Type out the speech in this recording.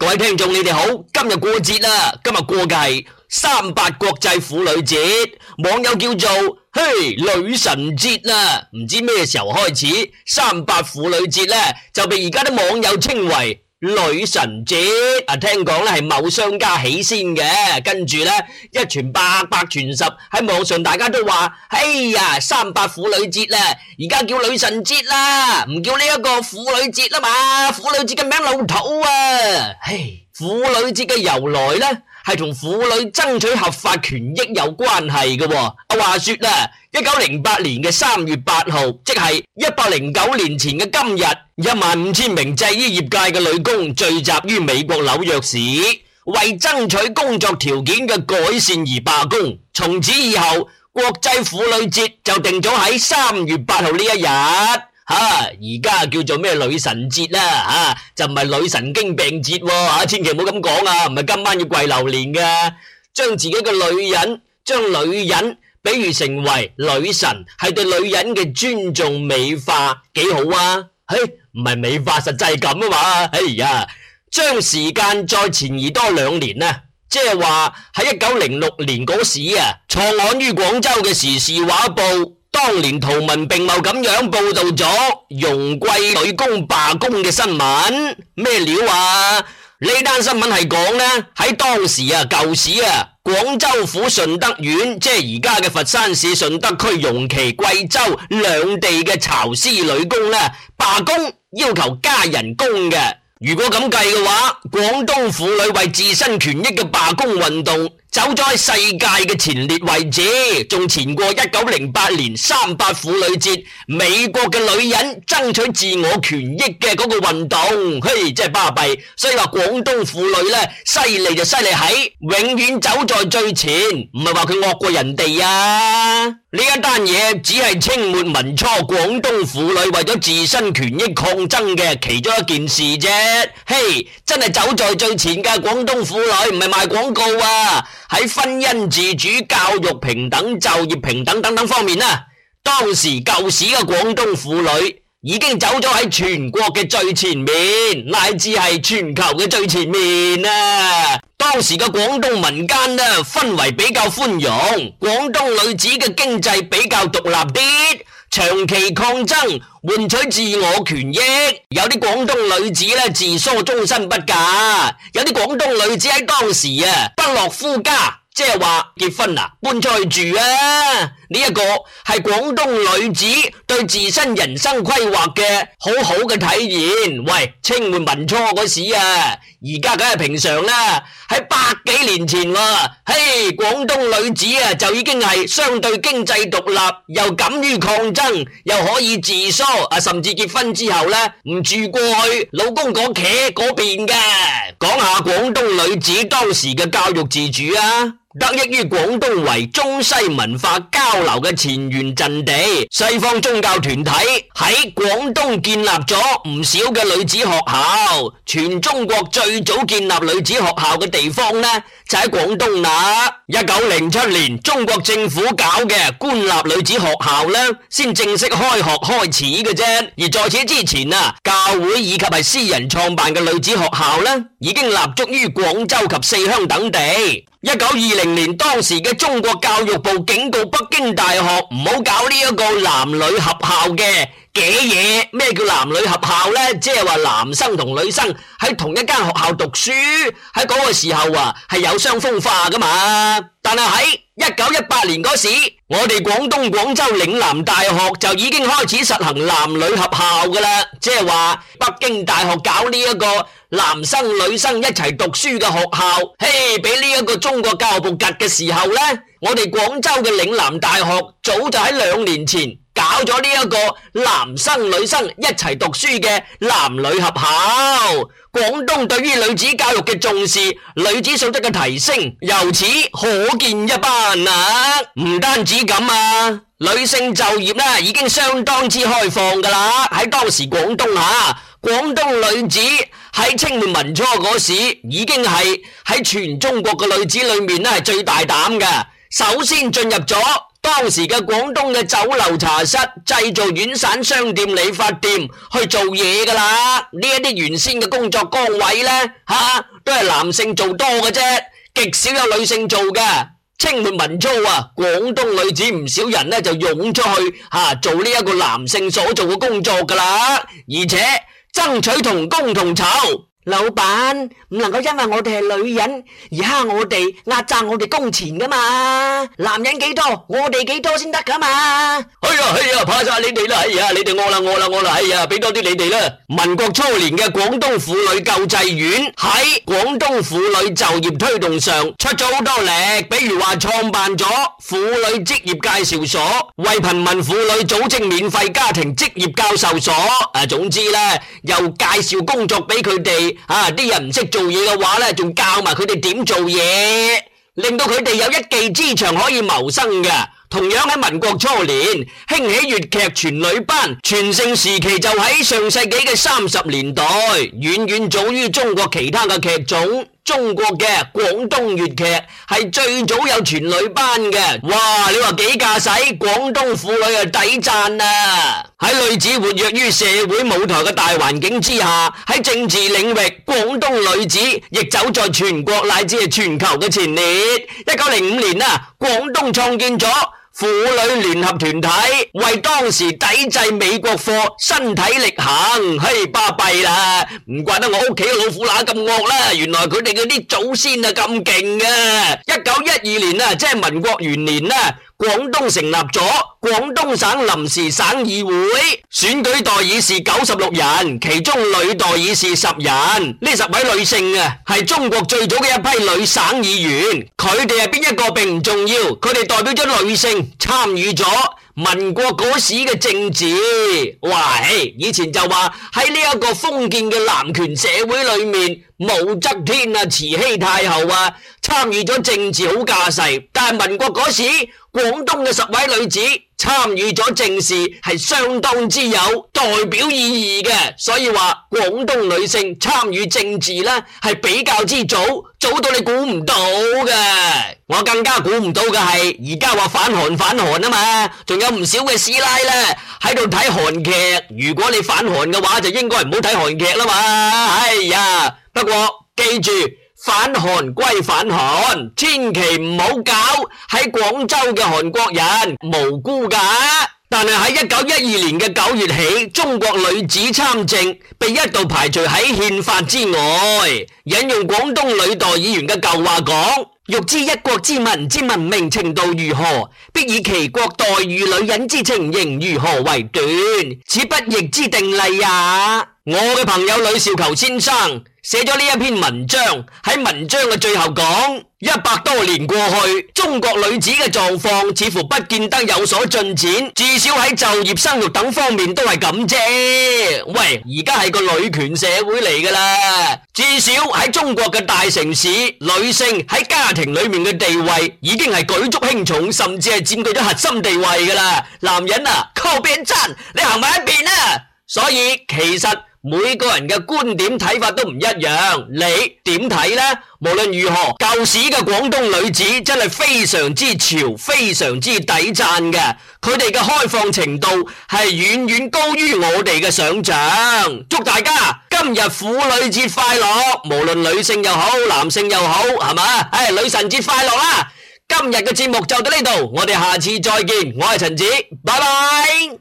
各位聽眾，你哋好！今日過節啦，今日過嘅係三八國際婦女節，網友叫做嘿女神節啦，唔知咩時候開始三八婦女節咧，就被而家啲網友稱為。女神節啊，聽講咧係某商家起先嘅，跟住咧一傳百百傳十，喺網上大家都話，哎呀，三八婦女節啦，而家叫女神節啦，唔叫呢一個婦女節啦嘛，婦女節嘅名老土啊，嘿，婦女節嘅由來咧。係同婦女爭取合法權益有關係嘅哦。阿話說啦，一九零八年嘅三月八號，即係一百零九年前嘅今日，一萬五千名製衣業界嘅女工聚集於美國紐約市，為爭取工作條件嘅改善而罷工。從此以後，國際婦女節就定咗喺三月八號呢一日。吓，而家、啊、叫做咩女神節啦吓，就唔係女神經病節喎，千祈唔好咁講啊，唔係、啊、今晚要跪榴槤噶、啊，將自己嘅女人，將女人，比如成為女神，係對女人嘅尊重美化，幾好啊？嘿，唔係美化，實際係咁啊嘛，哎呀、啊，將時間再前移多兩年啊，即係話喺一九零六年嗰時啊，創刊於廣州嘅《時事畫報》。當年圖文並茂咁樣報道咗容桂女工罷工嘅新聞，咩料啊？呢單新聞係講呢，喺當時啊舊時啊廣州府順德縣，即係而家嘅佛山市順德區容奇桂洲兩地嘅繅絲女工呢罷工，要求加人工嘅。如果咁計嘅話，廣東婦女為自身權益嘅罷工運動走在世界嘅前列位置，仲前過一九零八年三八婦女節，美國嘅女人爭取自我權益嘅嗰個運動，嘿，真係巴閉，所以話廣東婦女呢，犀利就犀利，喺永遠走在最前，唔係話佢惡過人哋啊。呢一單嘢只係清末民初廣東婦女為咗自身權益抗爭嘅其中一件事啫。嘿，真係走在最前嘅廣東婦女，唔係賣廣告啊！喺婚姻自主、教育平等、就業平等等等方面啊，當時舊時嘅廣東婦女已經走咗喺全國嘅最前面，乃至係全球嘅最前面啊！當時嘅廣東民間啊，氛圍比較寬容，廣東女子嘅經濟比較獨立啲，長期抗爭換取自我權益。有啲廣東女子咧，自梳終身不嫁，有啲廣東女子喺當時啊，不落夫家。即係話結婚啊，搬出去住啊，呢一個係廣東女子對自身人生規劃嘅好好嘅體現。喂，清末民初嗰時啊，而家梗係平常啦，啊，喺百幾年前喎，啊，嘿，廣東女子啊就已經係相對經濟獨立，又敢於抗爭，又可以自梳啊，甚至結婚之後呢，唔住過去老公嗰企嗰邊嘅。講下廣東女子當時嘅教育自主啊！得益於廣東為中西文化交流嘅前沿陣地，西方宗教團體喺廣東建立咗唔少嘅女子學校。全中國最早建立女子學校嘅地方呢，就喺廣東啦。一九零七年，中國政府搞嘅官立女子學校呢，先正式開學開始嘅啫。而在此之前啊，教會以及係私人創辦嘅女子學校呢，已經立足於廣州及四鄉等地。一九二零年，當時嘅中國教育部警告北京大學唔好搞呢一個男女合校嘅嘅嘢。咩叫男女合校呢？即係話男生同女生喺同一間學校讀書。喺嗰個時候啊，係有傷風化噶嘛。但係喺。一九一八年嗰時，我哋廣東廣州嶺南大學就已經開始實行男女合校噶啦，即係話北京大學搞呢一個男生女生一齊讀書嘅學校，嘿，俾呢一個中國教育部夾嘅時候呢，我哋廣州嘅嶺南大學早就喺兩年前。搞咗呢一個男生女生一齊讀書嘅男女合校，廣東對於女子教育嘅重視，女子素質嘅提升，由此可見一斑啊！唔單止咁啊，女性就業呢已經相當之開放噶啦。喺當時廣東吓，啊，廣東女子喺清末民初嗰時已經係喺全中國嘅女子裏面咧係最大膽嘅，首先進入咗。當時嘅廣東嘅酒樓茶室、製造、遠散商店，理髮店、理髮店去做嘢噶啦，呢一啲原先嘅工作崗位呢，吓都係男性做多嘅啫，極少有女性做嘅。清末民初啊，廣東女子唔少人呢就湧出去吓做呢一個男性所做嘅工作噶啦，而且爭取同工同酬。老闆唔能夠因為我哋係女人而蝦我哋，壓榨我哋工錢噶嘛，男人幾多我哋幾多先得噶嘛。哎呀哎呀，怕晒你哋啦，哎呀、啊、你哋餓啦餓啦餓啦，哎呀俾多啲你哋啦。民國初年嘅廣東婦女救濟院喺廣東婦女就業推動上出咗好多力，比如話創辦咗婦女職業介紹所，為貧民婦女組織免費家庭職業教授所。啊，總之咧又介紹工作俾佢哋。啊！啲人唔識做嘢嘅話呢，仲教埋佢哋點做嘢，令到佢哋有一技之長，可以謀生嘅。同樣喺民國初年興起粵劇全女班，全盛時期就喺上世紀嘅三十年代，遠遠早於中國其他嘅劇種。中國嘅廣東粵劇係最早有全女班嘅，哇！你話幾架勢？廣東婦女啊，抵讚啊！喺女子活躍於社會舞台嘅大環境之下，喺政治領域，廣東女子亦走在全國乃至係全球嘅前列。一九零五年啊，廣東創建咗。婦女聯合團體為當時抵制美國貨，身體力行，嘿，巴閉啦！唔怪得我屋企老虎乸咁惡啦，原來佢哋嗰啲祖先啊咁勁嘅。一九一二年啊，即係民國元年啦。廣東成立咗廣東省臨時省議會，選舉代議士九十六人，其中女代議士十人。呢十位女性啊，係中國最早嘅一批女省議員。佢哋係邊一個並唔重要，佢哋代表咗女性參與咗。民國嗰時嘅政治，喂，以前就話喺呢一個封建嘅男權社會裏面，武則天啊、慈禧太后啊，參與咗政治好架勢。但係民國嗰時，廣東嘅十位女子。參與咗政事，係相當之有代表意義嘅，所以話廣東女性參與政治呢，係比較之早，早到你估唔到嘅。我更加估唔到嘅係而家話反韓反韓啊嘛，仲有唔少嘅師奶呢喺度睇韓劇。如果你反韓嘅話就應該唔好睇韓劇啦嘛。哎呀，不過記住。反韓歸反韓，千祈唔好搞喺廣州嘅韓國人無辜噶。但係喺一九一二年嘅九月起，中國女子參政被一度排除喺憲法之外。引用廣東女代議員嘅舊話講：欲知一國之民之文明程度如何，必以其國待遇女人之情形如何為斷，此不易之定例也。我嘅朋友呂少求先生寫咗呢一篇文章，喺文章嘅最後講：一百多年過去，中國女子嘅狀況似乎不見得有所進展，至少喺就業、生育等方面都係咁啫。喂，而家係個女權社會嚟噶啦，至少喺中國嘅大城市，女性喺家庭裏面嘅地位已經係舉足輕重，甚至係佔據咗核心地位噶啦。男人啊，靠邊站，你行埋一邊啊！所以其實。每個人嘅觀點睇法都唔一樣，你點睇呢？無論如何，舊時嘅廣東女子真係非常之潮，非常之抵讚嘅。佢哋嘅開放程度係遠遠高於我哋嘅想象。祝大家今日婦女節快樂，無論女性又好，男性又好，係嘛？哎，女神節快樂啦！今日嘅節目就到呢度，我哋下次再見。我係陳子，拜拜。